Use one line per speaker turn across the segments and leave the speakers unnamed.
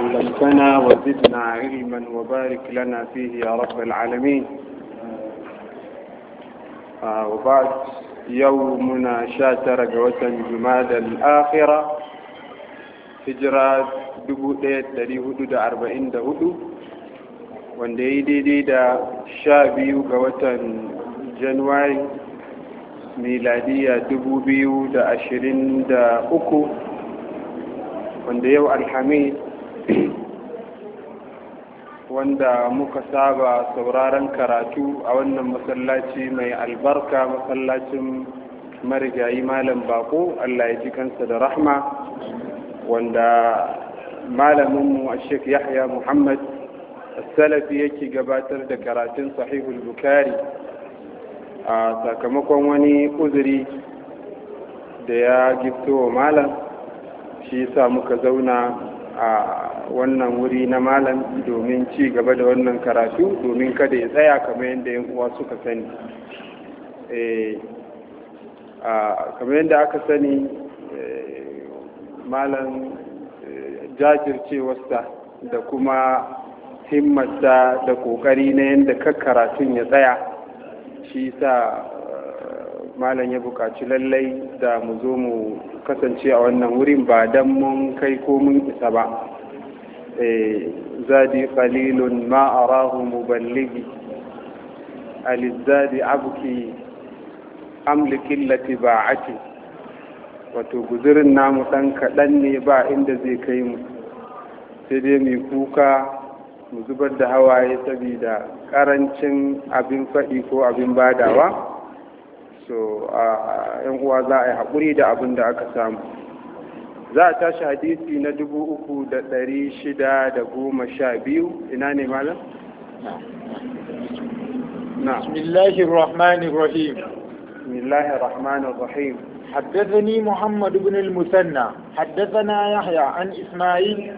علمتنا
وزدنا علما وبارك لنا فيه يا رب العالمين آه وبعد يومنا شاتر جوة جماد الآخرة هجرة دبوئة دريه دا أربعين دا هدو wanda ya daidai da sha biyu ga watan januwari miladiya dubu biyu da ashirin da uku wanda yau alhamis wanda muka saba sauraron karatu a wannan masallaci mai albarka masallacin marigayi malam bako Allah ya ji kansa da rahma wanda malaminmu a shek yahya muhammad salafi yake gabatar da karatun sahihul bukari a sakamakon wani uzuri da ya gifto malam shi sa muka zauna a wannan wuri na malam domin ci gaba da wannan karatu domin kada ya tsaya kamar yadda yan uwa suka sani eh, kamar yadda aka sani eh, malam jajirce eh, jajircewarsa da kuma himmata da kokari na yadda karatun ya tsaya shi sa malam ya bukaci lallai da mu zo mu kasance a wannan wurin ba don mun kai ko mun isa ba زادي قليل ما أراه مبلغي الزاد أبكي أم لكلة باعتي wato guzurin namu ɗan kaɗan ne ba inda zai kai mu sai dai mai kuka mu zubar da hawaye saboda ƙarancin abin faɗi ko abin badawa so a yan uwa za a yi haƙuri da abin da aka samu za a tashi hadisi na dubu uku da ɗari shida da goma sha biyu ina ne malam?
na bismillahi rahmani rahim bismillahi rahmani rahim muhammad ibn al-musanna حدثنا yahya an ismail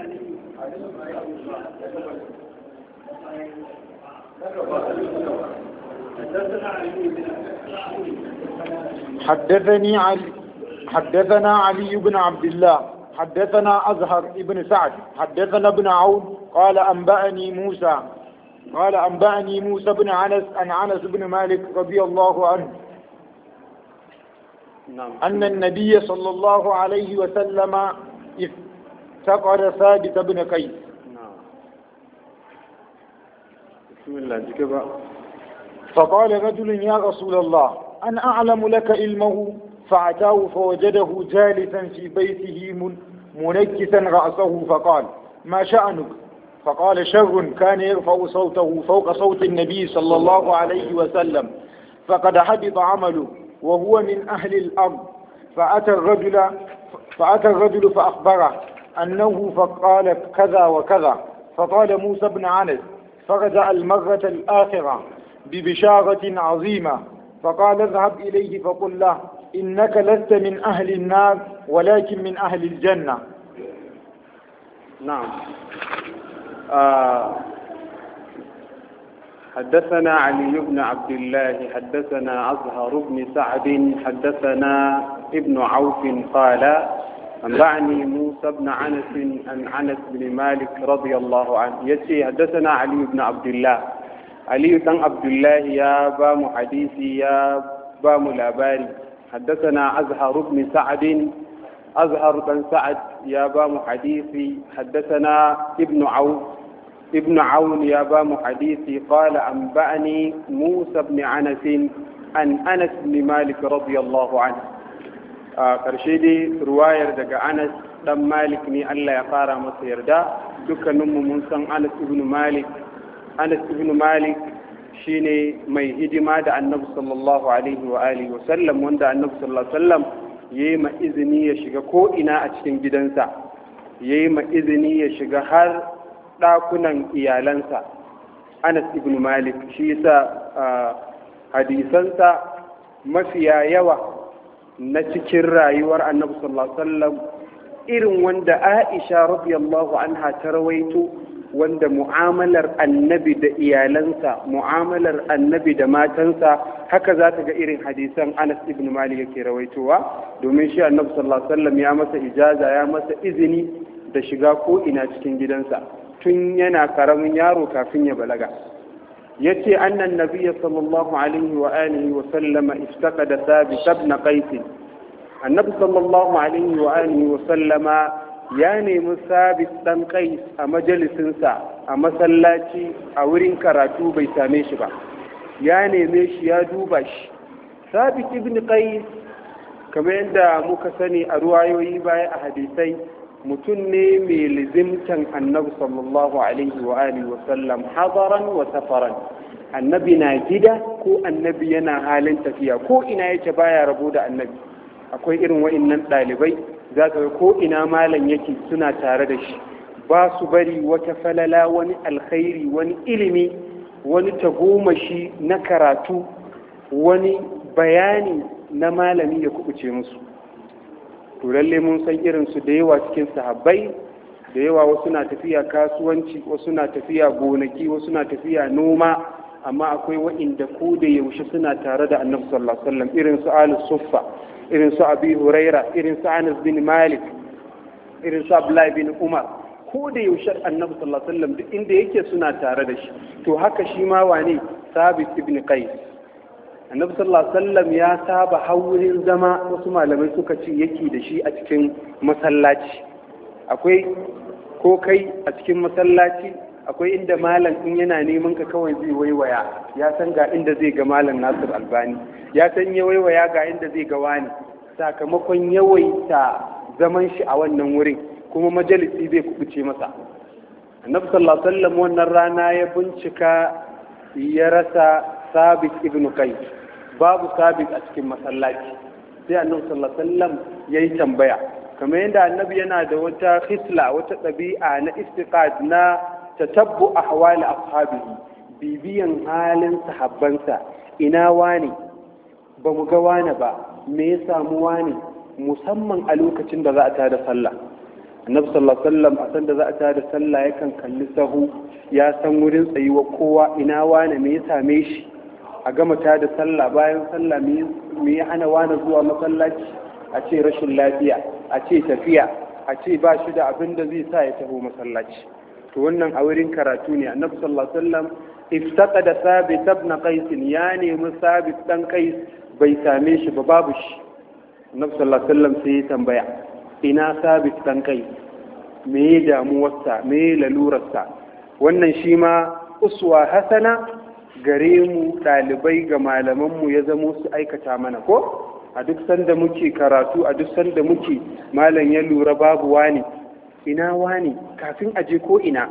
حدثني علي حدثنا علي بن عبد الله حدثنا أزهر بن سعد حدثنا ابن عون قال أنبأني موسى قال أنبأني موسى بن عنس أن عنس بن مالك رضي الله عنه نعم. أن النبي صلى الله عليه وسلم افتقر ثابت بن قيس نعم. بسم الله فقال رجل يا رسول الله أن أعلم لك علمه فأتاه فوجده جالسا في بيته منكسا رأسه فقال ما شأنك فقال شر كان يرفع صوته فوق صوت النبي صلى الله عليه وسلم فقد حبط عمله وهو من أهل الأرض فأتى الرجل فأتى الرجل فأخبره أنه فقال كذا وكذا فقال موسى بن عنس فرجع المرة الآخرة ببشارة عظيمة فقال اذهب إليه فقل له إنك لست من أهل النار ولكن من أهل الجنة نعم
آه حدثنا علي بن عبد الله حدثنا أزهر بن سعد حدثنا ابن عوف قال أنبعني موسى بن عنس عن عنس بن مالك رضي الله عنه يتي حدثنا علي بن عبد الله علي بن عبد الله يا بام حديثي يا بام لاباري حدثنا أزهر بن سعد أزهر بن سعد يا بام حديثي حدثنا ابن عوف ابن عون يا بام حديثي قال أنبأني موسى بن أنس عن أنس بن مالك رضي الله عنه ƙarshe ruwayar daga anas dan malik ne allah ya fara masa yarda dukkaninmu mun san anas ibn malik anas ibn malik shine mai hidima da annabi sallallahu alaihi wa alihi wasallam wanda annabi sallallahu alaihi wasallam yayi ma izini ya shiga ko ina a cikin gidansa yayi ma izini ya shiga har dakunan iyalansa Anas ibn Malik shi yasa hadisansa mafiya yawa na cikin rayuwar annabi sallallahu alaihi wasallam irin wanda Aisha radiyallahu anha ta rawaito wanda mu'amalar annabi da iyalansa mu'amalar annabi da matansa haka za ta ga irin hadisan anas ibn malik yake rawaitowa domin shi annabi sallallahu alaihi wasallam ya masa ijaza ya masa izini da shiga ko ina cikin gidansa tun yana karamin yaro kafin ya balaga yace annan nabiyyi sallallahu alaihi wa alihi wa sallam iftaqada thabit ibn qais annabi sallallahu alaihi wa alihi wa sallama ya nemi sabis ɗan kai a majalisinsa a masallaci a wurin karatu bai same shi ba ya neme shi ya duba shi sabis ibn kai kamar yadda muka sani a ruwayoyi baya a hadisai mutum ne mai lizimtan annabi sallallahu alaihi wa alihi wa sallam hadaran wa safaran annabi na gida ko annabi yana halin tafiya ko ina yake baya rabo da annabi akwai irin wa'annan ɗalibai za ka ko ina malam yake suna tare da shi ba su bari wata falala wani alkhairi wani ilimi wani tagomashi na karatu wani bayani na malami ya kubuce musu to lalle mun san irin su da yawa cikin sahabbai da yawa wasu na tafiya kasuwanci wasu na tafiya gonaki wasu na tafiya noma amma akwai wa'inda ko da yaushe suna tare da annabi sallallahu alaihi wasallam irin su Ali Suffa irin su Abi Huraira irin su Anas bin Malik irin su Abdullah bin Umar ko da yaushe annabi sallallahu alaihi wasallam duk inda yake suna tare da shi to haka shi ma wane Sabit ibn Qais annabi sallallahu alaihi wasallam ya saba haurin zama wasu malamai suka ce yake da shi a cikin masallaci akwai ko kai a cikin masallaci akwai inda malam in yana neman ka kawai zai waiwaya ya san ga inda zai ga malam nasir albani ya san ya waiwaya ga inda zai ga wani sakamakon yawaita zaman shi a wannan wurin kuma majalisi zai kubuce masa annabi sallallahu alaihi wasallam wannan rana ya bincika ya rasa sabit Ibnu kai babu sabit a cikin masallaci sai annabi sallallahu alaihi wasallam yayi tambaya kamar yadda annabi yana da wata hisla wata ɗabi'a na istiqad na tatabbu ahwali ashabihi bibiyan halin sahabbansa ina wani ba mu ga wani ba me ya samu wani musamman a lokacin da za a tada sallah annabi sallallahu alaihi a san za a tada sallah yakan kalli sahu ya san wurin tsayuwar kowa ina wani me ya same shi a gama tada sallah bayan sallah me ya hana wani zuwa masallaci a ce rashin lafiya a ce tafiya a ce ba shi da abin da zai sa ya taho masallaci to wannan a wurin karatu ne annabi sallallahu alaihi wasallam iftaqada sabit ibn qais ya nemi sabit dan qais bai same shi ba babu shi annabi sallallahu alaihi wasallam sai ya tambaya ina sabit dan qais me ya damuwarsa me ya lalurarsa wannan shi ma uswa hasana gare mu ɗalibai ga mu ya zama su aikata mana ko a duk sanda muke karatu a duk sanda muke malam ya lura babu wani ina wani kafin a je ko ina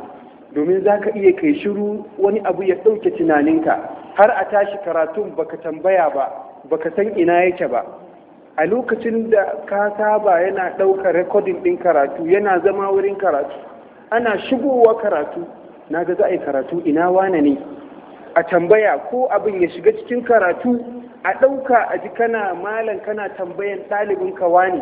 domin za ka iya kai shiru wani abu ya ɗauke tunaninka har a tashi karatun baka tambaya ba baka san ina yake ba a lokacin da ka saba yana ɗauka rekodin ɗin karatu yana zama wurin karatu ana shigowa karatu na ga za a yi karatu ina wane ne a tambaya ko abin ya shiga cikin karatu a ɗauka a ji kana malam kana tambayan ɗalibin ka wane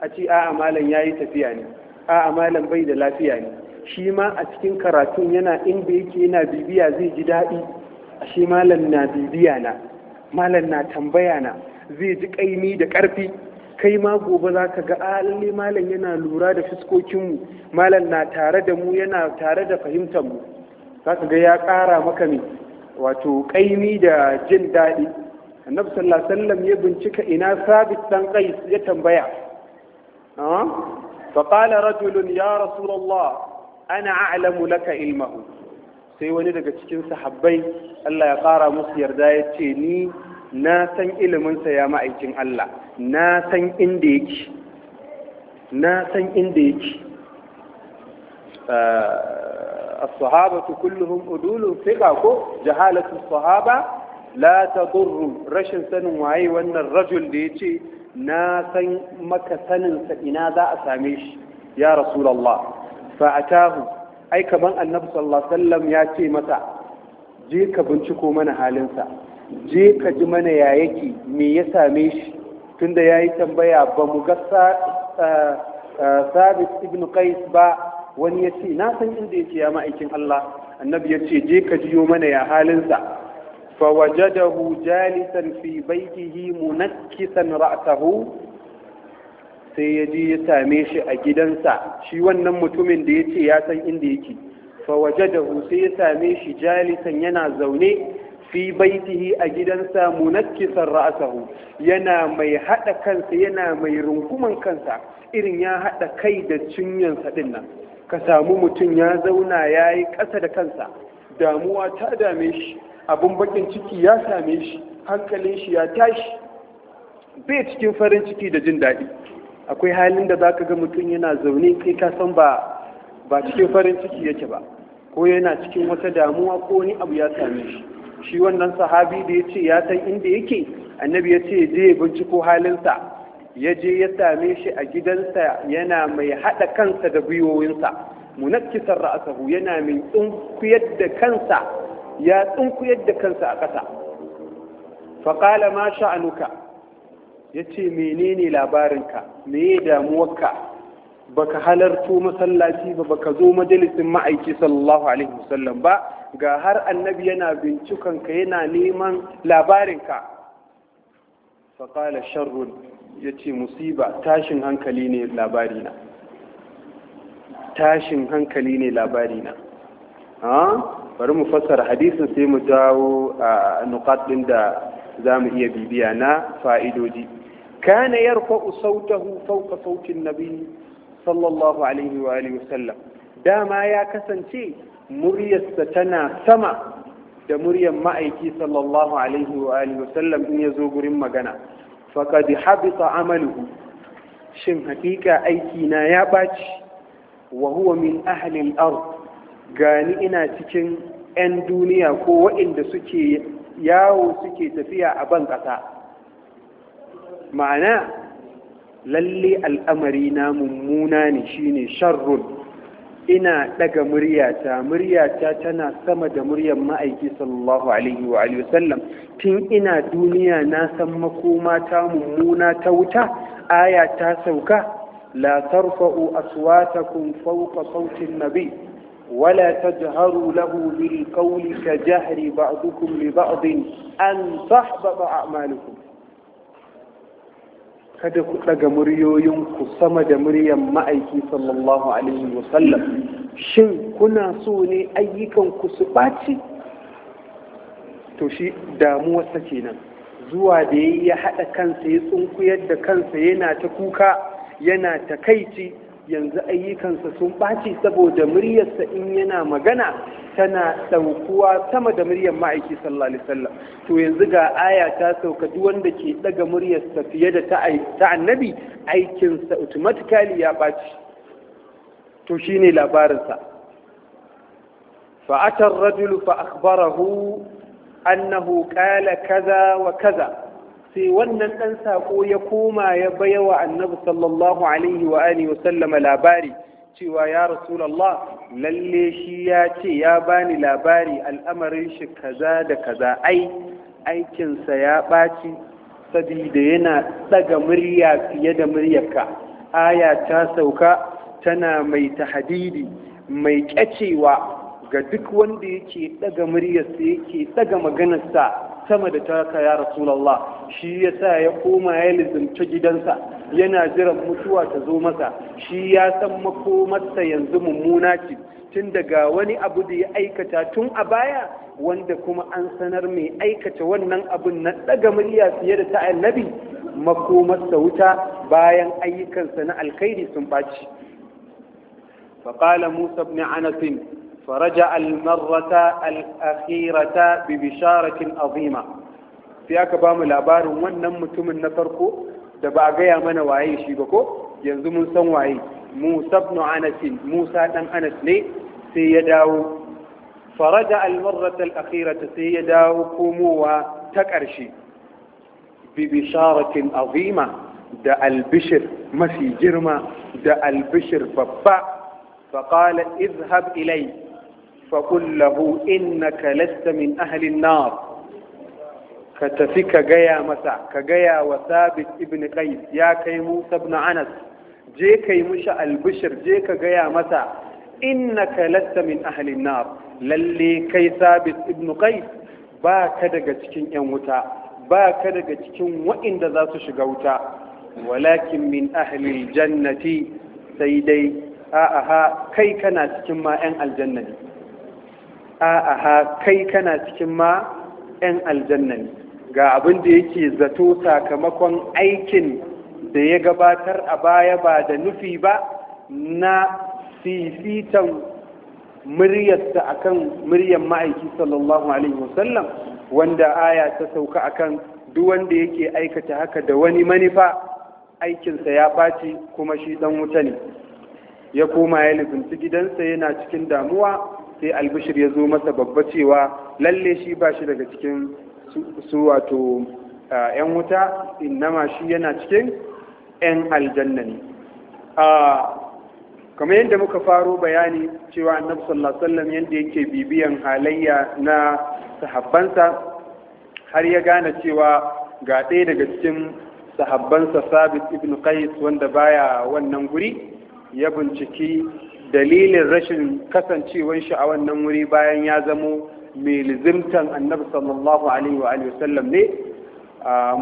a ce a'a malam ya yi tafiya ne a'a malam bai da lafiya ne shi ma a cikin karatun yana inda yake yana bibiya zai ji daɗi shi malam na bibiya na malam na tambaya na zai ji ƙaimi da ƙarfi kai ma gobe za ka ga alalle ah, malam yana lura da fuskokinmu malam na tare da mu yana tare da fahimtar mu za ka ga ya ƙara maka ne wato ƙaimi da jin daɗi annabi sallallahu alaihi ya bincika ina sabit dan qais ya tambaya فقال رجل يا رسول الله أنا أعلم لك علمه sai wani daga cikin sahabbai Allah ya ƙara musu yarda ya ce ni na san iliminsa ya ma'aikin Allah na san inda yake na san inda yake as-sahabatu kulluhum udulun fika ko jahalatu sahaba la tadurru rashin sanin waye wannan rajul da yace na san maka saninsa ina za a same shi ya rasulallah fa'atahu ai kaman annabi sallallahu alaihi wasallam ya ce masa je ka binciko mana halinsa je ka ji mana ya yake me ya same shi tunda ya yi tambaya ba mu ga eh, eh, sabit ibn qais ba wani ya ce na san inda yake ya ma'aikin Allah annabi ya ce je ka jiyo mana ya halinsa فوجده جالسا في بيته منكسا رأسه sai ya je ya same shi a gidansa shi wannan mutumin da ya ce ya san inda yake waje fawajadahu sai ya same shi jalisan yana zaune fi baitihi a gidansa munakkisan ra'asahu yana mai hada kansa yana mai runguman kansa irin ya hada kai da cinyansa din nan ka samu mutum ya zauna ya yi ƙasa da kansa damuwa ta dame shi abin bakin ciki ya same shi hankalin shi ya tashi bai cikin farin ciki da jin daɗi akwai halin da zaka ga mutum yana zaune kai ka san ba cikin farin ciki yake ba ko yana cikin wata damuwa ko wani abu ya same shi shi wannan sahabi da ya ce ya san inda yake annabi ya ce je ya binciko halinsa ya je ya same shi a gidansa yana mai haɗa kansa da gwiwowinsa munakkisan ra'asahu yana mai tsinkuyar da kansa ya tsinkuyar da kansa a ƙasa faƙala ma sha'anuka ya ce menene labarinka meye damuwarka baka halarto masallaci ba ka zo majalisin ma'aiki sallallahu alaihi wasallam ba ga har annabi yana bincikanka yana neman labarinka faƙala sharrun ya ce musiba tashin hankali ne labarina tashin hankali ne labarina bari mu fassara hadisin sai mu dawo a nukat ɗin da za mu iya bibiya na fa'idoji kana yarfa'u sautahu fawqa sautin nabi sallallahu alaihi wa alihi dama ya kasance muryarsa tana sama da muryar ma'aiki sallallahu alaihi wa alihi in ya zo gurin magana faqad habita amaluhu shin hakika aiki na ya ɓaci wa huwa min ahli al gani ina cikin 'yan duniya ko waɗanda suke yawo suke tafiya a ban ƙasa ma'ana lalle al'amari na mummuna ne shine sharrun ina ɗaga muryata muryata tana sama da muryar ma'aiki sallallahu alaihi wa sallam tun ina duniya na san makoma ta mummuna ta wuta aya ta sauka la tarfa'u aswatakum fawqa sautin nabi ولا تجهروا له بالقول كجهر بعضكم لبعض أن تحبط أعمالكم kada ku ɗaga muryoyinku sama da muryan ma'aiki sallallahu alaihi wasallam shin kuna so ne ayyukanku su ɓaci to shi damuwarsa kenan zuwa da ya haɗa kansa ya tsunkuyar da kansa yana ta kuka yana ta kaici. yanzu ayyukansa sun ɓaci saboda muryarsa in yana magana tana ɗaukuwa sama da muryar ma'aiki sallallahu alaihi wasallam to yanzu ga aya ta sauka duk wanda ke ɗaga muryarsa fiye da ta annabi aikinsa automatically ya ɓaci to shine labarinsa fa'atar rajulu fa akhbarahu annahu qala kaza wa kaza sai wannan ɗan saƙo ya koma ya bayawa annabi sallallahu alaihi wa alihi wa sallama labari cewa ya rasulallah lalle shi ya ce ya bani labari al'amarin shi kaza da kaza ai aikinsa ya ɓaci saboda yana ɗaga murya fiye da muryarka aya ta sauka tana mai tahadidi mai kyacewa ga duk wanda yake ɗaga muryarsa yake ɗaga maganarsa sama da taka ya rasulallah shi ya sa ya koma ya lizimta gidansa yana jiran mutuwa ta zo masa shi ya san makomarsa yanzu mummuna ce tun daga wani abu da ya aikata tun a baya wanda kuma an sanar mai aikata wannan abun na daga murya fiye da ta annabi makomarsa wuta bayan ayyukansa na alkhairi sun ɓaci فقال موسى بن عنس فرجع المرة الأخيرة ببشارة عظيمة في أكبام الأبار ونم تم النفرق دبع جيا من وعي شبكو ينزم سنوعي موسى بن أنس موسى بن أنس لي سيداو فرجع المرة الأخيرة سيداو كموا تكرشي ببشارة عظيمة da البشر مسي جرما da البشر babba فقال اذهب إليه faƙul lahu innaka lasta min ahlin nar ka tafi ka gaya masa ka gaya wa sabit ibn qais ya kai musa ibn anas je kai mushi albishir je ka gaya masa innaka lasta min ahlin nar lalle kai sabit ibn qais ba ka daga cikin yan wuta ba ka daga cikin waɗanda za su shiga wuta walakin min ahlil jannati sai dai a'a kai kana cikin ma yan aljanna ha kai kana cikin ma 'yan aljanna ne ga abin da yake zato sakamakon aikin da ya gabatar a baya ba da nufi ba na fifitan muryarsa akan muryar ma'aiki sallallahu alaihi wasallam wanda aya ta sauka akan duk wanda yake aikata haka da wani manufa aikinsa ya ɓaci kuma shi ɗan wuta ne ya koma ya lifinci gidansa yana cikin damuwa sai albishir ya zo masa babba cewa lalle shi ba shi daga cikin su wato yan wuta innama shi yana cikin yan aljanna ne kamar yadda muka faro bayani cewa annabi sallallahu alaihi yadda yake bibiyan halayya na sahabbansa har ya gane cewa ga ɗaya daga cikin sahabbansa sabit ibn qais wanda baya wannan guri ya binciki dalilin rashin kasancewar shi a wannan wuri bayan ya zamo mai lizimtan annabi sallallahu alaihi wa sallam ne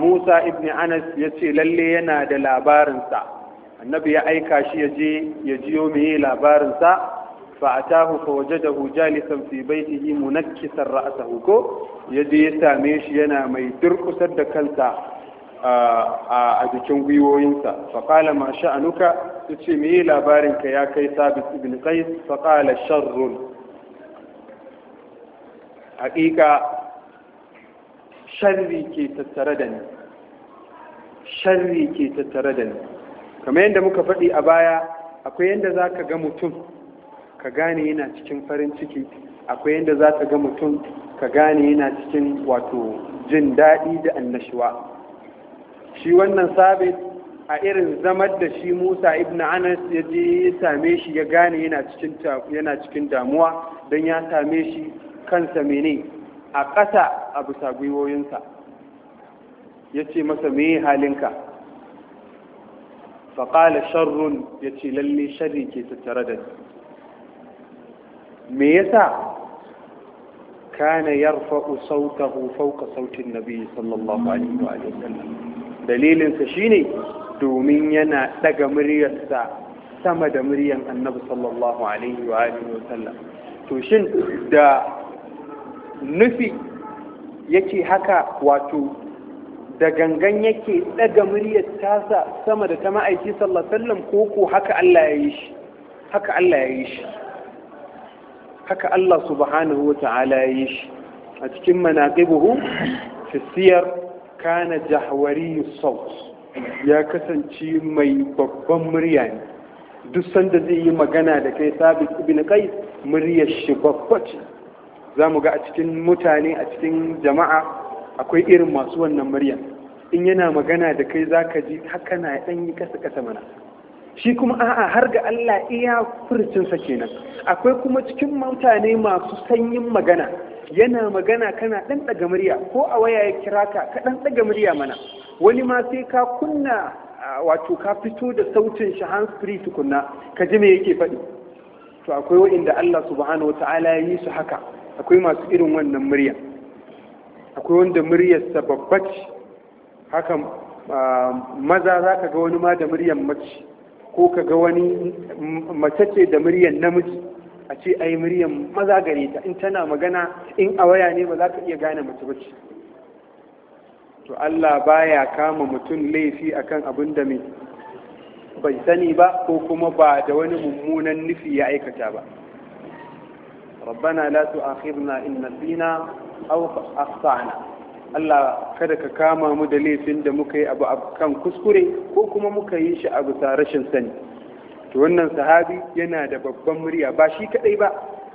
musa ibn anas ya ce lalle yana da labarinsa annabi ya aika shi ya je ya jiyo mai labarinsa sa fa wajadahu jalisan fi baitihi munakkisan ra'sahu ko je ya same shi yana mai durkusar da kansa a jikin gwiwoyinsa fa qala ma sha'anuka Su ce me yi labarinka ya kai sabis ibn qais faƙala sharrun haƙiƙa sharri ke tattare da ni sharri ke tattare da ni kamar yadda muka faɗi a baya akwai yadda za ka ga mutum ka gane yana cikin farin ciki akwai yadda za ka ga mutum ka gane yana cikin wato jin daɗi da annashuwa shi wannan sabis? a irin zamar da shi Musa ibn Anas ya je ya same shi ya gane yana cikin damuwa don ya same shi kansa mene a ƙasa a bisa gwiwoyinsa ya ce masa me halinka faƙala sharrun ya ce lalle sharri ke tattare da me yasa kana yarfa'u sautahu fauka sautin nabi sallallahu alaihi wa sallam dalilinsa shine domin yana ɗaga muryarsa sama da muryan annabi sallallahu alaihi wa sallam to shin da nufi yake haka wato da gangan yake ɗaga muryar tasa sama da ta ma'aiki sallallahu alaihi sallam ko ko haka Allah ya yi shi haka Allah ya yi shi haka Allah subhanahu wa ta'ala ya yi shi a cikin manaqibuhu fi siyar kana jahwari saut ya kasance mai babban murya ne duk sanda zai yi magana da kai sabis ibn kai muryar shi babba ce za mu ga a cikin mutane a cikin jama'a akwai irin masu wannan murya in yana magana da kai za ka ji haka na ɗan yi kasa kasa mana shi kuma a'a har ga Allah iya furcinsa kenan akwai kuma cikin mutane masu sanyin magana yana magana kana ɗan ɗaga murya ko a waya ya kira ka ka ɗan ɗaga murya mana wani ma sai ka kunna wato ka fito da sautin shi hands free tukunna ka ji me yake faɗi to akwai waɗanda Allah subhanahu wata'ala ya yi su haka akwai masu irin wannan murya akwai wanda muryarsa babba haka maza za ka ga wani ma da muryar mace ko ka ga wani mace ce da muryar namiji a ce a yi muryan maza gare ta in tana magana in a waya ne ba za ka iya gane mace ba ce to Allah baya kama mutum laifi akan abin da mai bai sani ba ko kuma ba da wani mummunan nufi ya aikata ba rabbana la tu'akhidna in nasina aw akhtana Allah kada ka kama mu da laifin da muka yi abu kan kuskure ko kuma muka yi shi a bisa rashin sani to wannan sahabi yana da babban murya ba shi kadai ba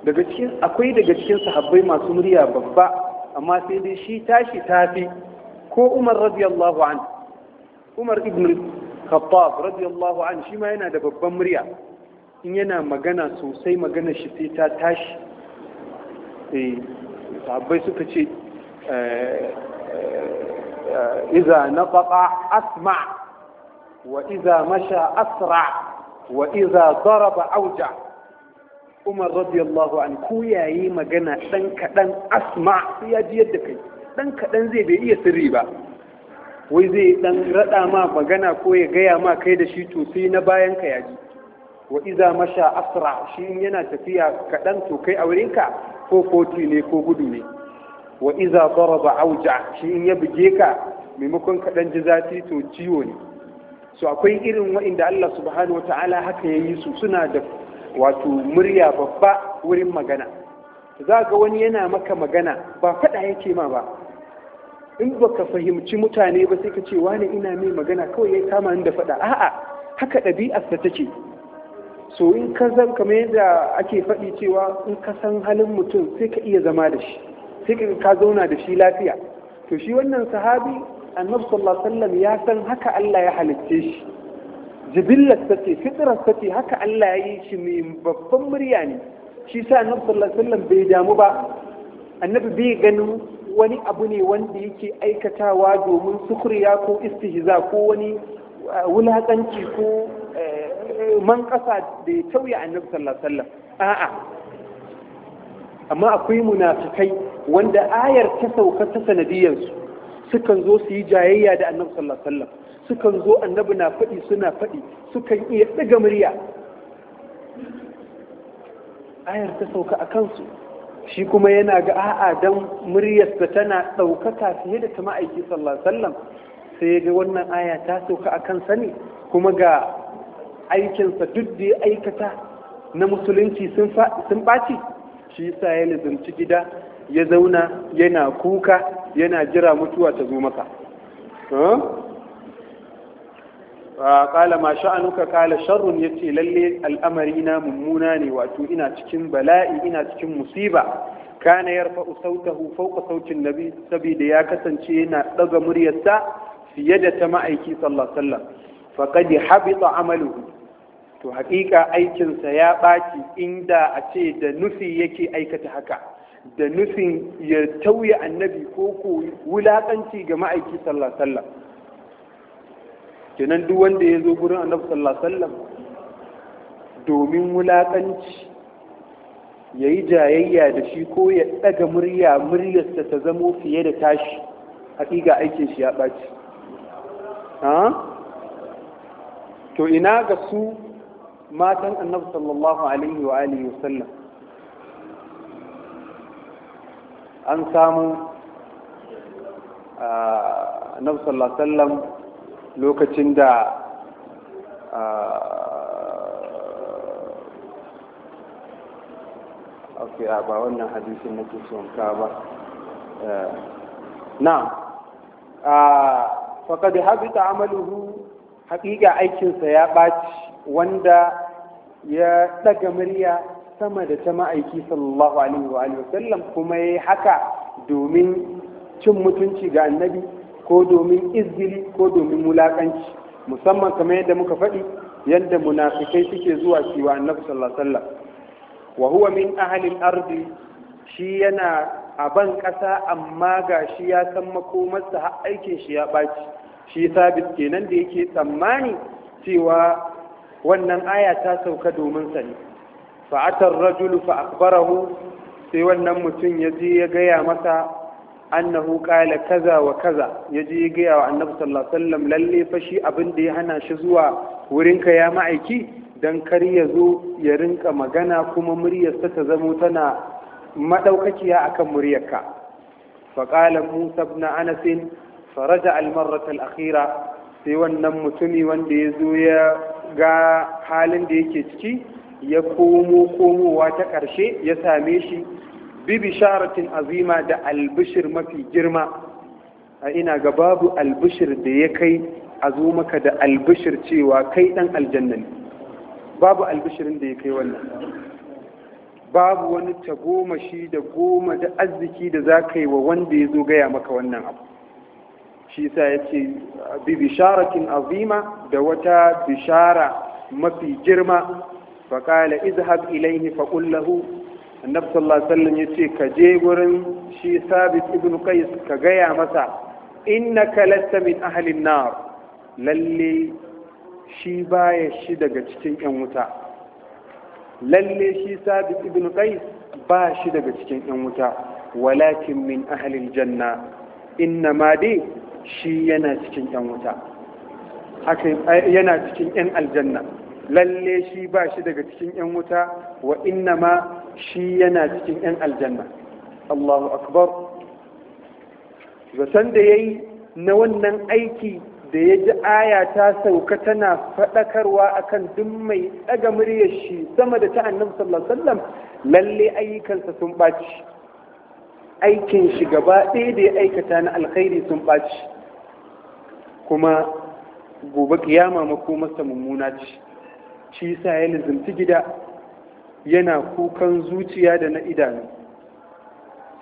daga cikin akwai daga cikin sahabbai masu murya babba amma sai dai shi tashi tafi ko Umar radiyallahu an Umar ibn Khattab radiyallahu an shi ma yana da babban murya in yana magana sosai magana shi sai ta tashi eh sahabbai suka ce إذا نطق أسمع وإذا مشى أسرع wa iza daraba auja umar radiyallahu an ku yayi magana dan kadan asma sai ya ji yadda kai dan kadan zai bai iya sirri ba wai zai dan rada ma magana ko ya gaya ma kai da shi to sai na bayan ka yaji wa iza masha asra shi yana tafiya kadan to kai auren ka ko koti ne ko gudu ne wa iza daraba auja shi in ya buge ka maimakon kadan ji zafi to ciwo ne Su akwai irin wa'inda Allah subhanahu wata'ala haka ya yi su suna da wato murya babba wurin magana za ga wani yana maka magana ba faɗa yake ma ba in baka fahimci mutane ba sai ka ce wani ina mai magana kawai ya kama ni da faɗa a'a haka ta take so in ka zan kamar yadda ake faɗi cewa in ka san halin mutum sai ka iya zama da shi sai ka zauna da shi lafiya to shi wannan sahabi annabi sallallahu alaihi wasallam ya san haka Allah ya halicce shi jibillar ta ce fitrar ta ce haka Allah ya yi shi mai babban murya ne shi sa annabi sallallahu alaihi wasallam bai damu ba annabi bai ganin wani abu ne wanda yake aikatawa domin sukuriya ko istihza ko wani wulatsanci ko man ƙasa da ya tauya annabi sallallahu alaihi wasallam a'a amma akwai munafikai wanda ayar ta sauka ta sanadiyyarsu. sukan zo su yi jayayya da annabi sallallahu alaihi wasallam sukan zo annabi na faɗi suna faɗi sukan iya ɗaga murya ayar ta sauka a kansu shi kuma yana ga a'a dan muryarsa tana ɗaukaka fiye da ta ma'aiki sallallahu alaihi wasallam sai ya ga wannan aya ta sauka a kansa ne kuma ga aikinsa duk da ya aikata na musulunci sun ɓaci shi yasa ya nazarci gida ya zauna yana kuka yana jira mutuwa ta zo maka kala ma sha'anuka kala sharrun ya ce lalle al'amari na mummuna ne wato ina cikin bala'i ina cikin musiba kana yarfa sautahu fauka sautin nabi saboda ya kasance yana ɗaga muryarsa fiye da ta ma'aiki sallallahu alaihi wasallam habita amaluhu to haƙiƙa aikinsa ya ɓaci inda a ce da nufi yake aikata haka da nufin ya tauye annabi ko ko wulakanci ga ma'aiki sallallahu sallam kenan duk wanda ya zo gurin annabi sallallahu sallam domin wulakanci ya yi jayayya da shi ko ya ɗaga murya muryarsa ta zamo fiye da tashi haƙiƙa aikin shi ya ɓaci to ina ga su matan annabi sallallahu alaihi wa alihi wasallam an samu annabi sallallahu sallam lokacin da ok ba wannan hadisin na son ba na faka da habita amaluhu haƙiƙa aikinsa ya ɓaci wanda ya ɗaga murya sama da ta ma'aiki sallallahu alaihi wa sallam kuma ya yi haka domin cin mutunci ga annabi ko domin izgili ko domin wulakanci musamman kamar yadda muka faɗi yadda munafikai suke zuwa cewa annabi sallallahu alaihi wa sallam huwa min shi yana a ban ƙasa amma ga shi ya san makomarsa har aikin shi ya ɓaci shi sabis kenan da yake tsammani cewa wannan aya ta sauka domin sani. fa'atar rajulu fa'akbarahu sai wannan mutum ya je ya gaya masa annahu kala kaza wa kaza ya je ya gaya wa annabu sallallahu alaihi wasallam lalle fa shi abin da ya hana shi zuwa wurinka ya ma'aiki dan kar ya zo ya rinka magana kuma muryarsa ta zamo tana maɗaukakiya a kan muryarka faqala musa ibn anas faraja al akhira sai wannan mutumi wanda ya zo ya ga halin da yake ciki ya komo komowa ta ƙarshe ya same shi bi bisharatin azima da albishir mafi girma a ina ga babu albishir da ya kai a zo maka da albishir cewa kai ɗan aljanna ne babu albishirin da ya kai wannan babu wani tagomashi da goma da arziki da za ka yi wa wanda ya zo gaya maka wannan abu shi sa ya ce bi bisharatin azima da wata bishara mafi girma faƙala izhab ilaihi faƙul lahu annabi sallallahu alaihi wasallam yace ka je gurin shi sabit ibn qais ka gaya masa innaka lasta min ahli nar lalle shi baya shi daga cikin yan wuta lalle shi sabit ibn qais ba shi daga cikin yan wuta walakin min ahli janna inna ma dai shi yana cikin yan wuta haka yana cikin yan aljanna lalle shi ba shi daga cikin 'yan wuta wa inna ma shi yana cikin 'yan aljanna Allahu akbar zaton da ya yi na wannan aiki da ya ji aya ta sauka tana faɗakarwa akan duk mai ɗaga muryar shi sama da ta annabi sallallahu lalle ayyukansa sun ɓaci aikin shi gaba ɗaya da ya aikata na alkhairi sun ɓaci kuma gobe kiyama makomarsa mummuna ce shi sa ya lizimci gida yana kukan zuciya da na idanu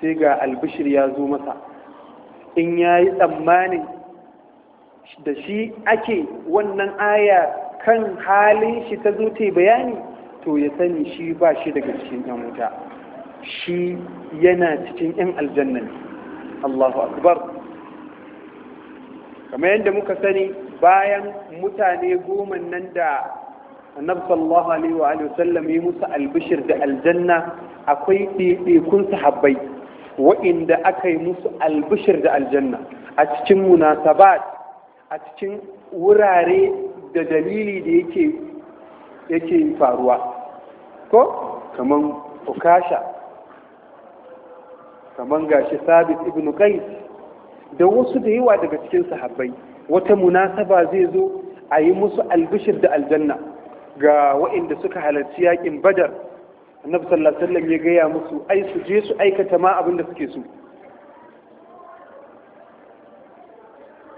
sai ga albishir ya zo masa in ya yi tsammanin da shi ake wannan aya kan halin shi ta zo bayani to ya sani shi ba shi daga cikin yan wuta shi yana cikin yan aljanna Allahu akbar kamar yadda muka sani bayan mutane goma nan da annabi sallallahu alaihi wa alihi wasallam yi musu albishir da aljanna akwai ɗaiɗaikun sahabbai wa'inda aka yi musu albishir da aljanna a cikin munasabat a cikin wurare da dalili da yake yake faruwa ko kaman ukasha kaman gashi sabit ibn qais da wasu da yawa daga cikin sahabbai wata munasaba zai zo a yi musu albishir da aljanna ga waɗanda suka halarci yakin badar annabi sallallahu alaihi wasallam ya gaya musu ai su je su aikata ma abin da suke so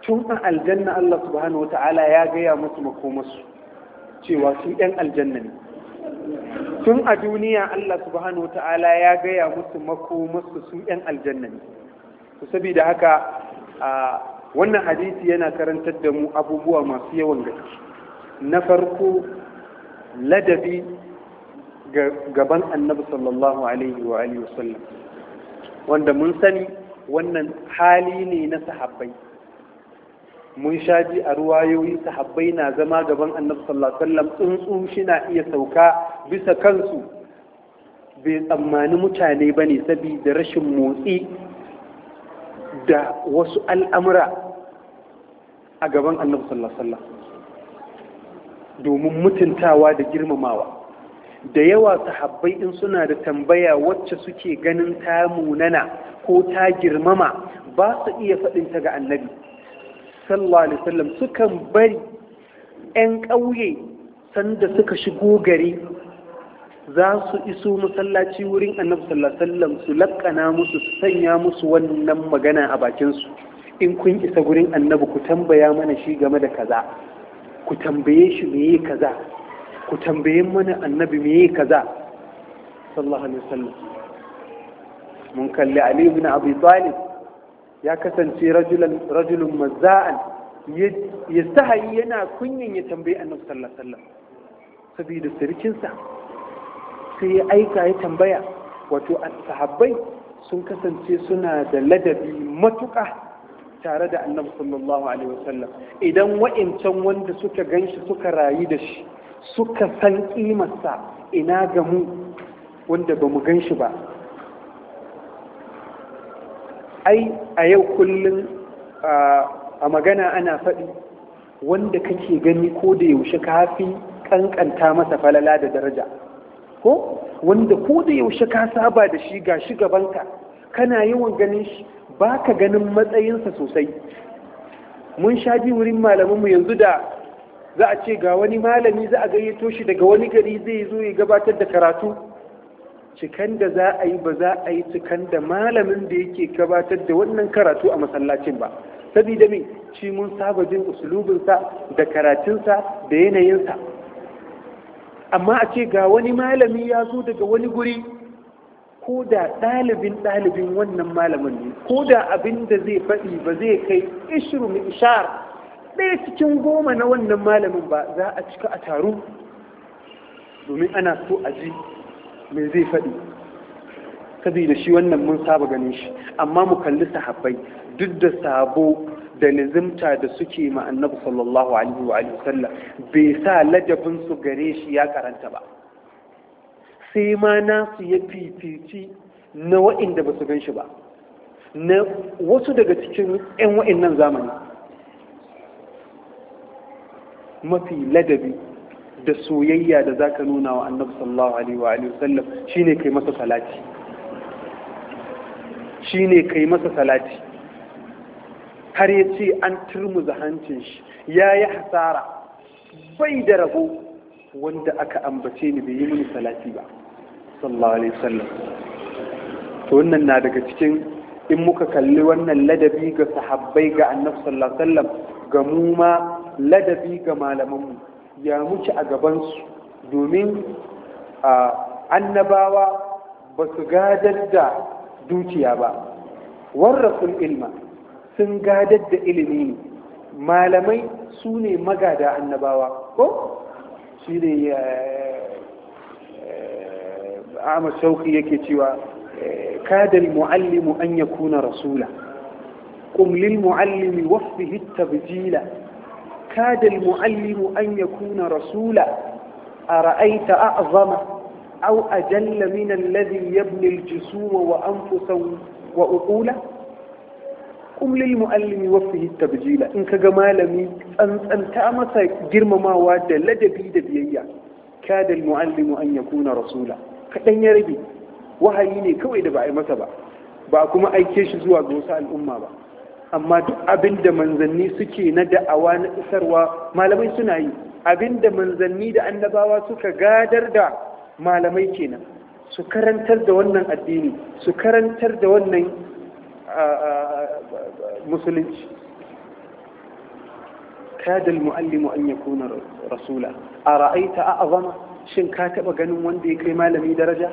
tun an aljanna Allah subhanahu wata'ala ya gaya musu makomasu cewa su ɗan aljanna ne tun a duniya Allah subhanahu wata'ala ya gaya musu makomasu su ɗan aljanna ne to saboda haka wannan hadisi yana karantar da mu abubuwa masu yawan gaske na farko ladabi gaban annabi sallallahu alaihi wa alihi wasallam wanda mun sani wannan hali ne na sahabbai mun sha ji a ruwayoyi sahabbai na zama gaban annabi sallallahu alaihi wasallam tsuntsu shi na iya sauka bisa kansu bai tsammani mutane ba ne saboda rashin motsi da wasu al'amura a gaban annabi sallallahu alaihi wasallam domin mutuntawa da girmamawa da yawa sahabbai in suna da tambaya wacce suke ganin ta munana ko ta girmama ba su iya faɗinta ga annabi sallallahu alaihi wasallam sukan bari 'yan ƙauye sanda suka shigo gari za su iso masallaci wurin annabi sallallahu alaihi su laƙana musu su sanya musu wannan magana a bakinsu in kun isa gurin annabi ku tambaya mana shi game da kaza ku tambaye shi me yi kaza ku tambaye mana annabi me yi kaza sallallahu alaihi wasallam mun kalli ali ibn abi talib ya kasance rajulan rajulun mazza'an yastahi yana kunyan ya tambayi annabi sallallahu alaihi wasallam saboda sirkinsa sai ya aika ya tambaya wato sahabbai sun kasance suna da ladabi matuƙa tare da annabi sallallahu alaihi wasallam idan wa'incan wanda suka ganshi suka rayu da shi suka san kimarsa ina ga mu wanda ba mu ganshi ba ai a yau kullum a magana ana faɗi wanda kake gani ko da yaushe kafi kankanta masa falala da daraja ko wanda ko da yaushe ka saba da shi ga shi gabanka kana yawan ganin shi ba ka ganin matsayinsa sosai mun sha bi wurin malaminmu yanzu da za a ce ga wani malami za a gayyato shi daga wani gari zai zo ya gabatar da karatu cikan da za a yi ba za a yi cikan da malamin da yake gabatar da wannan karatu a masallacin ba saboda me ci mun saba jin usulubinsa da karatunsa da yanayinsa amma a ce ga wani malami ya zo daga wani guri ko da ɗalibin ɗalibin wannan malamin ne ko da abin da zai faɗi ba zai kai ishiru mai ishar ɗaya cikin goma na wannan malamin ba za a cika a taru domin ana so a ji mai zai faɗi saboda shi wannan mun saba ganin shi amma mu kalli sahabbai duk da sabo da nizimta da suke ma annabi sallallahu alaihi wa sallam bai sa ladabin su gare shi ya karanta ba sai ma na nasu ya fifici na wa'inda ba su gan shi ba na wasu daga cikin 'yan wa'innan zamani mafi ladabi da soyayya da za ka nuna wa annabi sallallahu alaihi wa sallam shine kai masa salati shine kai masa salati har ya ce an turmuza hancin shi ya yi hasara bai da rabo wanda aka ambace ni bai yi mini salati ba sallallahu alaihi wasallam to wannan na daga cikin in muka kalli wannan ladabi ga sahabbai ga annabi sallallahu alaihi wasallam ga mu ma ladabi ga malamanmu ya muci a gabansu domin annabawa ba su gadar da dukiya ba warrasul ilma sun gadar da ilimi ne, malamai su ne magada annabawa ko shi ne eh, Ahmad Shauki yake cewa kada muallimu an yakuna rasula qum lil muallimi wasfihi tabjila kada muallimu an yakuna rasula ara'aita a'zama aw ajalla min alladhi yabni al-jusuma wa anfusan wa uqula kum lil muallimi wafihi tabjila in kaga malami tsantsanta masa girmamawa da ladabi da biyayya kada al muallimu an yakuna rasula kaɗan ya rage wahayi ne kawai da ba a yi masa ba ba kuma aike shi zuwa ga wasu al'umma ba amma duk abin da manzanni suke na da'awa na isarwa malamai suna yi abin da manzanni da annabawa suka gadar da malamai kenan su karantar da wannan addini su karantar da wannan musulunci kada al-muallimu an yakuna rasula a a'zama shin ka taɓa ganin wanda ya kai malami daraja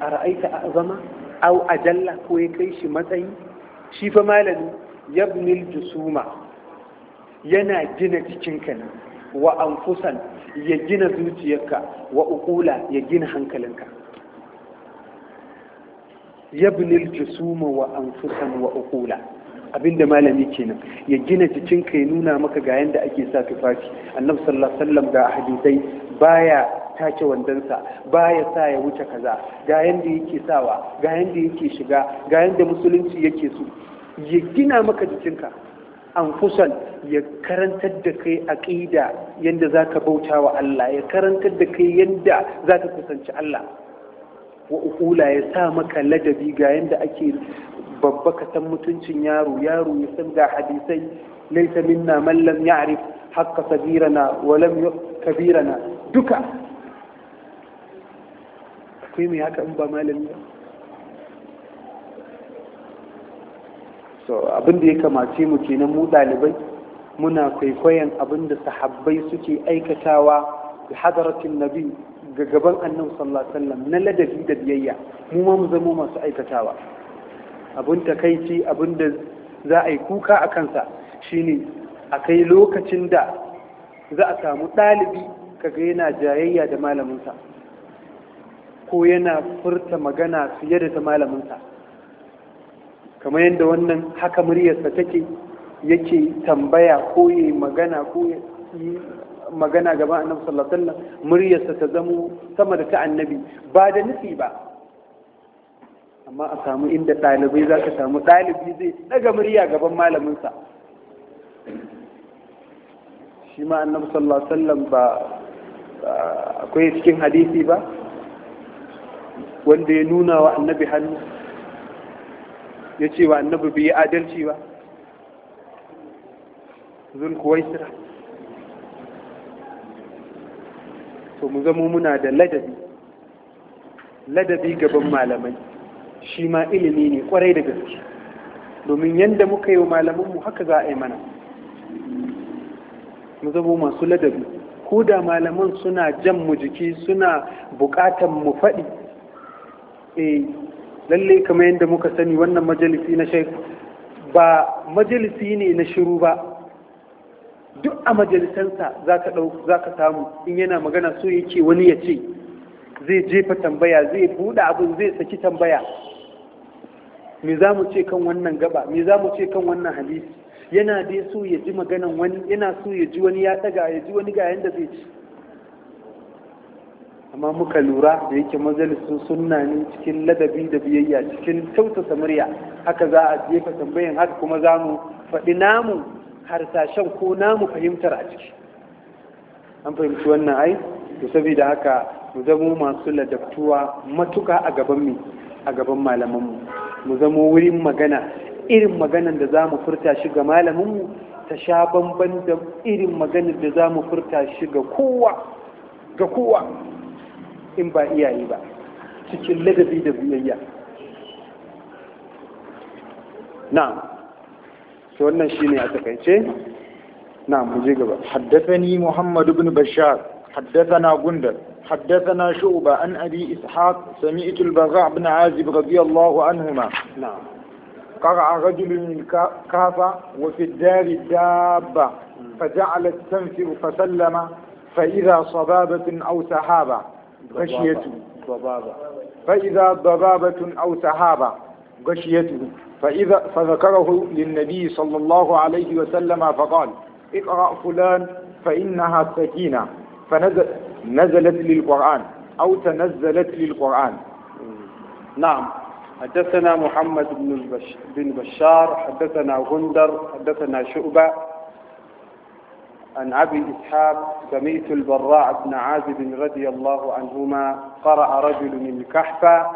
a ra'aita a zama au a Jalla ko ya kai shi matsayi shi fa malami yabnil jusuma yana gina cikinka ne wa anfusan ya gina zuciyarka wa ukula ya gina hankalinka yabnil jusuma wa anfusan wa ukula abinda malami kenan ya gina jikinka ya nuna maka ga yanda ake sa tufafi annabi sallallahu alaihi wasallam ga hadisai baya take sa baya sa ya wuce kaza ga yanda yake sawa ga yanda yake shiga ga yanda musulunci yake so ya gina maka jikinka anfusan ya karantar da kai aqida yanda zaka bauta wa Allah ya karantar da kai yanda zaka kusanci Allah wa ukula ya sa maka ladabi ga yanda ake babba ka san mutuncin yaro yaro ya san ga hadisai laisa minna man lam ya'rif haqqa sabirana wa lam kabirana duka akwai mai haka in ba malami ba so abin da ya kamace mu kenan mu ɗalibai muna kwaikwayon abin da sahabbai suke aikatawa da hadaratin nabi ga gaban annabi sallallahu alaihi wasallam na ladabi da biyayya mu ma mu zama masu aikatawa abin takaici abin da za a yi kuka a kansa shine a kai lokacin da za a samu ɗalibi kaga yana jayayya da malaminsa ko yana furta magana fiye da ta malaminsa kamar yadda wannan haka muryarsa take yake tambaya ko yi magana ko yi magana gaban annabi sallallahu alaihi muryarsa ta zamo sama da ta annabi ba da nufi ba amma a samu inda ɗalibai za ka samu ɗalibi zai daga murya gaban malaminsa shi ma annabi sallallahu alaihi wasallam ba akwai cikin hadisi ba wanda ya nuna wa annabi hannu ya ce wa annabi bai yi adalci ba sira to mu zama muna da ladabi ladabi gaban malamai shi ma ilimi ne kwarai da gaske domin yadda muka yi wa malamanmu haka za a yi mana mu zama masu ladabi ko da malaman suna jan mu jiki suna bukatan mu faɗi eh lallai kamar yadda muka sani wannan majalisi na shaik ba majalisi ne na shiru ba duk a majalisansa za ka samu in yana magana so yake wani ya ce zai jefa tambaya zai buɗe abin zai saki tambaya me za mu ce kan wannan gaba me za mu ce kan wannan hadisi yana dai so ya ji maganan wani yana so ya ji wani ya daga ya ji wani ga yanda zai ci amma muka lura da yake majalisun sunna ne cikin ladabi da biyayya cikin tautasa murya haka za a jefa tambayin haka kuma za mu faɗi namu harsashen ko namu fahimtar a ciki an fahimci wannan ai to saboda haka mu zamo masu ladabtuwa matuka a gaban mu a gaban malamanmu mu zamo wurin magana irin maganan da za mu furta shi ga malaminmu ta sha banban da irin maganar da za mu furta shi ga kowa ga kowa in ba iyaye ba cikin ladabi da biyayya na
to wannan shi ne a takaice na mu je gaba ni Muhammadu bin bashar haddasa na gundar حدثنا شعبة عن أبي إسحاق سمعت البراء بن عازب رضي الله عنهما نعم قرع رجل من كافة وفي الدار الدابة فجعلت تنفر فسلم فإذا صبابة أو سحابة غشيته ضبابة فإذا ضبابة أو سحابة غشيته فإذا فذكره للنبي صلى الله عليه وسلم فقال اقرأ فلان فإنها سكينة فنزل نزلت للقرآن أو تنزلت للقرآن
نعم حدثنا محمد بن بن بشار حدثنا غندر حدثنا شعبة عن أبي إسحاق سميت البراء بن عازب رضي الله عنهما قرأ رجل من كحفة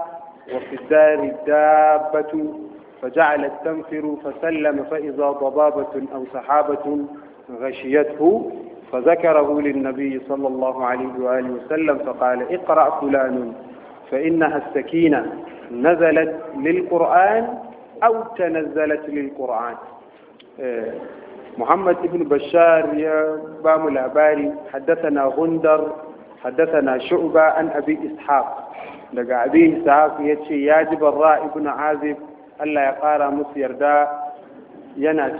وفي الدار دابة فجعلت تنفر فسلم فإذا ضبابة أو سحابة غشيته فذكره للنبي صلى الله عليه وآله وسلم فقال اقرأ فلان فإنها السكينة نزلت للقرآن أو تنزلت للقرآن آه، محمد بن بشار يا بام الأباري حدثنا غندر حدثنا شعبة عن أبي إسحاق لقى أبي إسحاق يتشي ياجب الراء بن عازب ألا يقارى مسير دا ينا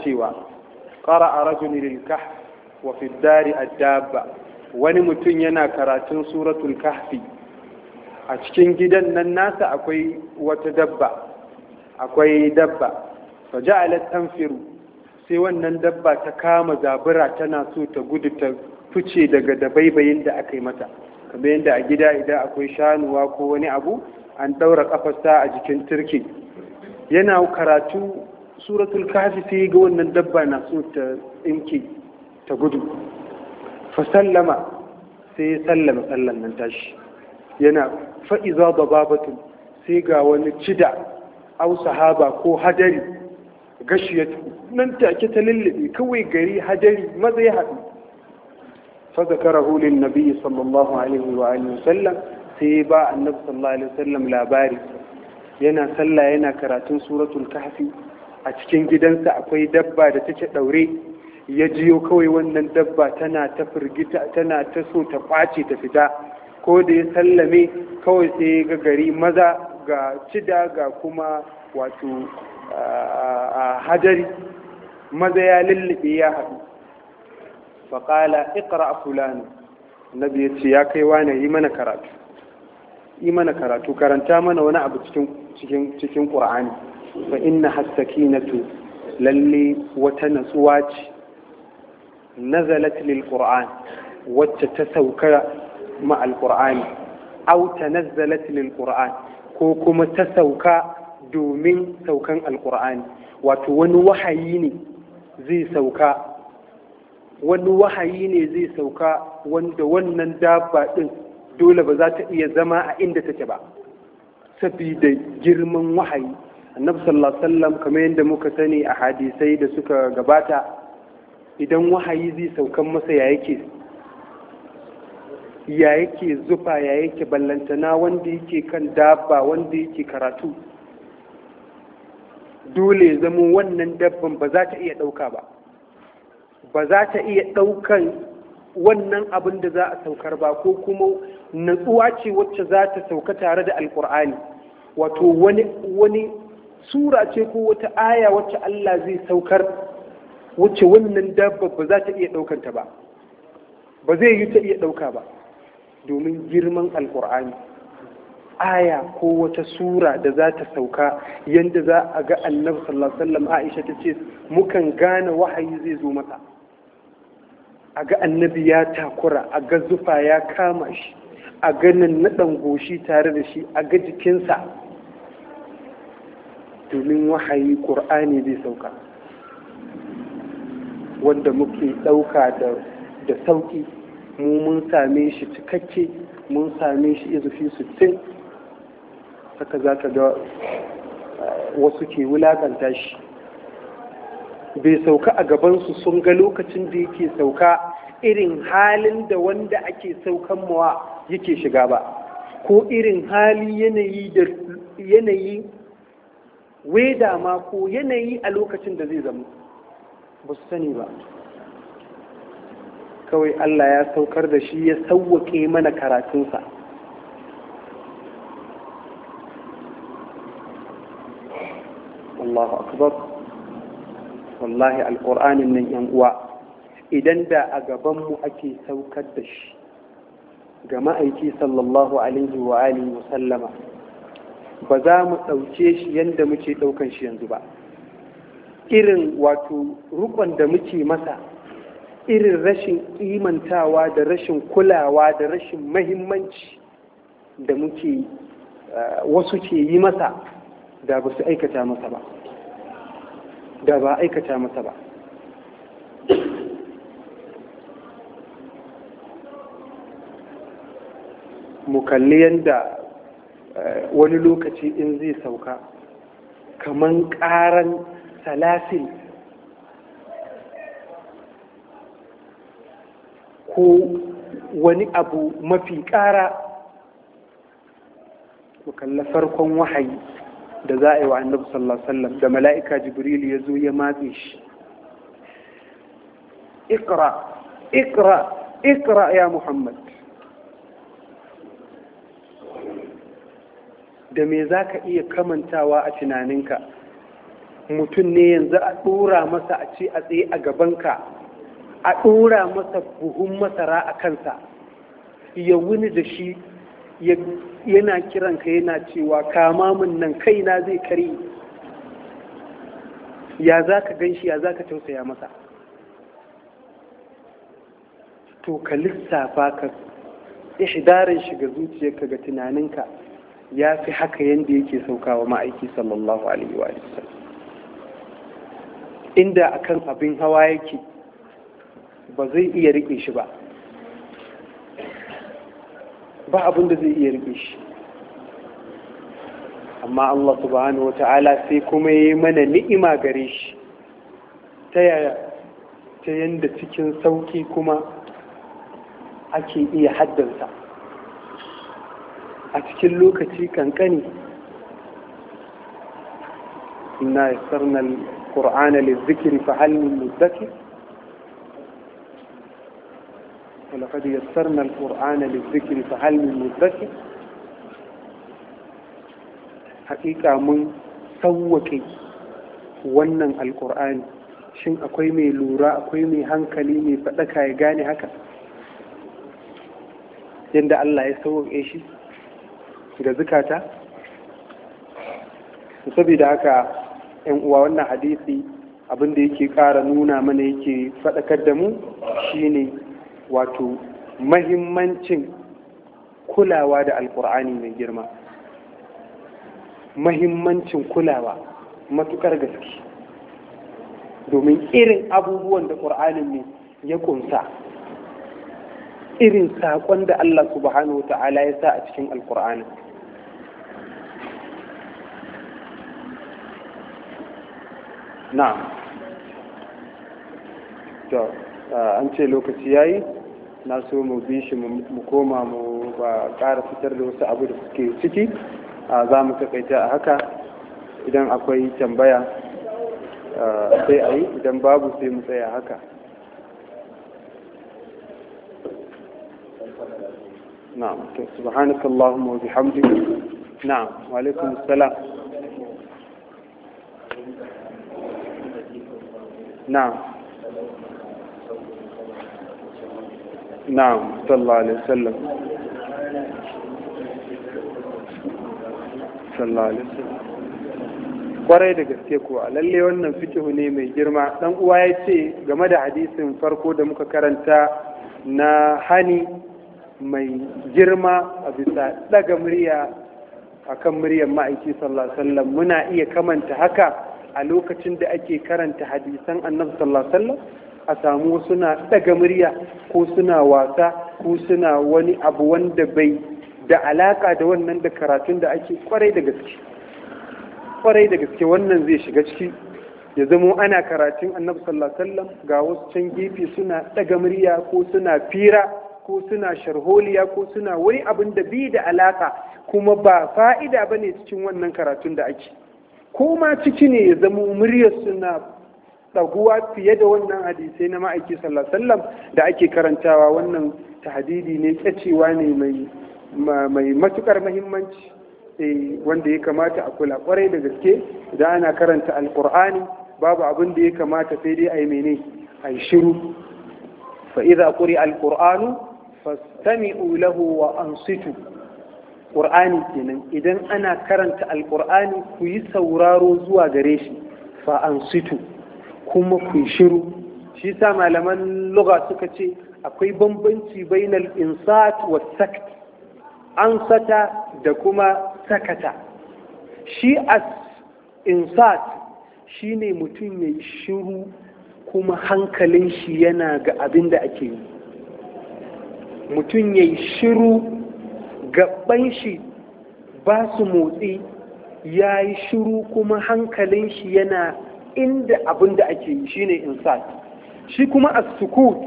قرأ رجل للكحف wa fi dari addabba wani mutum yana karatun suratul kahfi a cikin gidan nan nasa akwai wata dabba akwai dabba fa ja'alat tanfiru sai wannan dabba ta kama zabura tana so ta gudu ta fice daga dabaibayin da aka yi mata kamar yadda a gida idan akwai shanuwa ko wani abu an daura kafasta a jikin turki yana karatu suratul kahfi sai ga wannan dabba na so ta tsinke ta gudu fa sallama sai ya sallama sallan nan tashi yana fa'iza da babatun sai ga wani cida au sahaba ko hadari gashiyatu nan take ta lullube kawai gari hadari maza ya haɗu fa zakarahu lin nabi sallallahu alaihi wa alihi sallam sai ba annabi sallallahu alaihi wasallam labari yana sallah yana karatun suratul kahfi a cikin gidansa akwai dabba da take daure ya jiyo kawai wannan dabba tana ta firgita tana ta so ta kwace ta fita ko da ya sallame kawai sai ga gari maza ga cida ga kuma wato hadari maza ya lullube ya haɗu faƙala a fulani nabi ya ce ya kai wane yi mana karatu yi mana karatu karanta mana wani abu cikin cikin ƙur'ani fa inna hasakinatu lalle wata natsuwa ce nazalat lil qur'an wacce ta sauka ma alqur'ani aw tanazzalat lil qur'an ko kuma ta sauka domin saukan alqur'ani wato wani wahayi ne zai sauka wani wahayi ne zai sauka wanda wannan dabba din dole ba za ta iya zama a inda take ba sabida girman wahayi annabi sallallahu alaihi kamar yadda muka sani a hadisai da suka gabata idan wahayi zai saukan masa ya yake ya yake zufa ya yake ballantana wanda yake kan dabba wanda yake karatu dole zama wannan dabban ba za ta iya ɗauka ba ba za ta iya ɗaukan wannan abin da za a saukar ba ko kuma natsuwa ce wacce za ta sauka tare da alkur'ani wato wani sura ce ko wata aya wacce Allah zai saukar wuce wannan dabba ba za ta iya ɗaukanta ba ba zai yi ta iya ɗauka ba domin girman alkur'ani aya ko wata sura da za ta sauka yadda za a ga annabi sallallahu sallam aisha ta ce mukan gane wahayi zai zo mata a ga annabi ya takura a ga zufa ya kama shi a ganin naɗan goshi tare da shi a ga jikinsa domin wahayi ƙur'ani zai sauka wanda muke ɗauka da sauƙi mu mun same shi cikakke mun same shi izufi sittin haka za ka ga eh, wasu ke wulaƙanta shi bai sauka a gabansu sun ga lokacin da yake sauka irin halin da wanda ake saukan mawa yake shiga ba ko irin hali yanayi da yanayi weda ma ko yanayi a lokacin da zai zama ba su sani ba kawai Allah ya saukar da shi ya sauwake mana karatunsa Allahu akbar wallahi alƙur'anin nan yan uwa idan da a gabanmu ake saukar da shi ga ma'aiki sallallahu alaihi wa alihi wa ba za mu ɗauke shi yadda muke ɗaukan shi yanzu ba irin wato rukon da muke masa irin rashin imantawa da rashin kulawa da rashin mahimmanci da muke eh, wasu ke yi masa da ba su aikata masa ba da ba aikata masa ba mu kalli yadda eh, wani lokaci in zai sauka kaman ƙaran salasil ko wani abu mafi ƙara ku kalla farkon wahayi da za a yi wa annabi sallallahu alaihi wasallam da mala'ika jibril ya zo ya matse shi ikra ikra ikra ya muhammad da me za ka iya kamantawa a tunaninka mutum ne yanzu a ɗora masa a ce a tsaye a gabanka a ɗora masa buhun masara a kansa ya wuni da shi yana kiranka yana cewa kama min nan kaina zai kare ya za ka gan shi ya za ka tausaya masa to ka lissafa ka ihdarin shi ga zuciyarka ga tunaninka ya fi haka yadda yake saukawa ma'aiki sallallahu alaihi wa sallam inda akan abin hawa yake ba zai iya riƙe shi ba ba abin da zai iya riƙe shi amma Allah subhanahu wa ta'ala sai kuma ya yi mana ni'ima gare shi ta yaya ta yanda cikin sauki kuma ake iya haddansa a cikin lokaci kankani إنا يسرنا القرآن للذكر فهل من مدكر ولقد يسرنا القرآن للذكر فهل من مدكر حقيقة من سوكي wannan alkur'ani shin akwai mai lura akwai mai hankali mai faɗaka ya gane haka yadda Allah ya sauƙe shi ga zukata saboda haka yan uwa wannan hadisi abin da yake ƙara nuna mana yake faɗakar da mu shine wato mahimmancin kulawa da alkur'ani mai girma mahimmancin kulawa matuƙar gaske domin irin abubuwan da ƙur'anin ne ya kunsa irin saƙon da Allah subhanahu wa ta'ala ya sa a cikin alkur'ani na'am to eh, an ce lokaci yayi na so mu bi shi mu koma mu ba ƙara fitar da wasu abu da suke ciki za mu takaita a haka idan akwai tambaya eh, sai a yi idan babu sai mu tsaya haka نعم سبحانك اللهم وبحمدك نعم وعليكم السلام صلى الله عليه وسلم صلى الله عليه وسلم kwarai da gaske kuwa lalle wannan fikihu ne mai girma dan uwa ya ce game da hadisin farko da muka karanta na hani mai girma a bisa daga murya akan muryar ma'aiki sallallahu alaihi wasallam muna iya kamanta haka a lokacin da ake karanta hadisan annabi sallallahu alaihi wasallam a samu suna daga murya ko suna wasa ko suna wani abu wanda bai da alaka da wannan da karatun da ake kwarai da gaske kwarai da gaske wannan zai shiga ciki ya zamo ana karatun annabi sallallahu alaihi wasallam ga wasu can gefe suna daga murya ko suna fira ko suna sharholiya ko suna wani abin da bi da alaka kuma ba fa'ida bane cikin wannan karatun da ake ko ma ciki ne ya zama muryar suna ɗaguwa fiye da wannan hadisai na ma'aiki sallallahu da ake karantawa wannan tahdidi ne tsacewa ne mai mai matukar mahimmanci eh, wanda ya kamata a kula kwarai da gaske da ana karanta alkur'ani babu abin da ya kamata sai dai yi mene yi shiru fa ƙuri quri alqur'anu fastami'u lahu wa ansitu ƙur'ani kenan idan ana karanta alƙur'ani ku yi sauraro zuwa gare shi fa'an situ kuma ku shiru shi sa malaman lugha suka ce akwai bambanci bainal insat wa sakt an sata da kuma sakata shi as insat shine mutum ya shiru kuma hankalin shi yana ga abin da ake yi mutum ya shiru gaban shi ba su motsi ya yi shiru kuma hankalin shi yana inda abin da ake yi shine insat shi kuma a sukut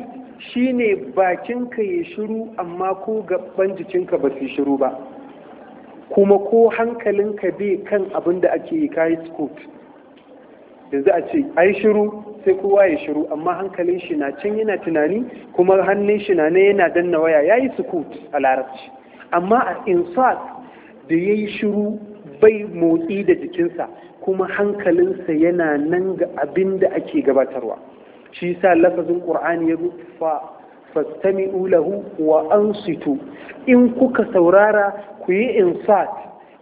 shine bakinka ya shiru amma ko gaban jikinka ba su shiru ba kuma ko hankalinka bai kan abin da ake yi kayi sukut yanzu a ce ai shiru sai kowa ya shiru amma hankalin shi na can yana tunani kuma hannun shi na ne yana danna waya ya yi sukut a larabci amma a insat da ya yi shiru bai motsi da jikinsa kuma hankalinsa yana nan ga abin da ake gabatarwa shi sa lafazin ƙur'ani ya rufa fastami'u ulahu wa ansitu in kuka saurara ku yi insat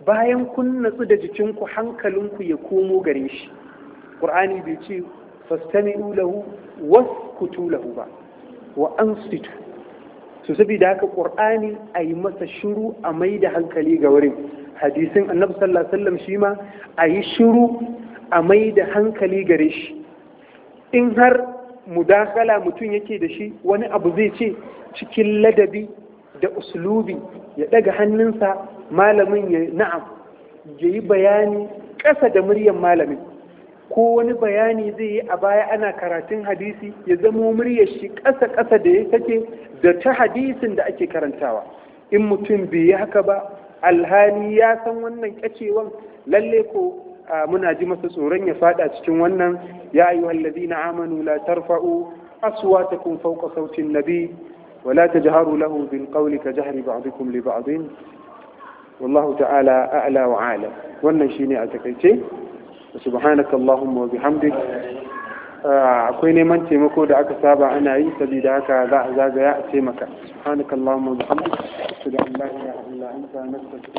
bayan kun natsu da jikinku hankalinku ya komo gare shi ƙur'ani bai ce fastami'u lahu waskutu lahu ba wa ansitu to saboda haka qur'ani a yi masa shiru a mai da hankali ga wurin hadisin annabi sallallahu alaihi wasallam shi ma a yi shiru a mai da hankali gare shi in har mudakala mutum yake da shi wani abu zai ce cikin ladabi da uslubi ya daga hannunsa malamin ya na'am ya yi bayani ƙasa da muryar malamin ko wani bayani zai yi a baya ana karatun hadisi ya zamo muryar shi ƙasa-ƙasa da ya take da ta hadisin da ake karantawa in mutum bai yi haka ba alhali ya san wannan kacewan lalle ko muna ji masa tsoron ya fada cikin wannan ya ayu allazina amanu la tarfa'u aswatakum fawqa sauti nabi wa la tajharu lahu bil qawli ka jahri ba'dikum li wallahu ta'ala a'la wa shine a takeice subhanaka allahumma wa bihamdik ah, akwai neman taimako da aka saba ana yi saboda haka za a zagaya a taimaka subhanaka allahumma wa bihamdik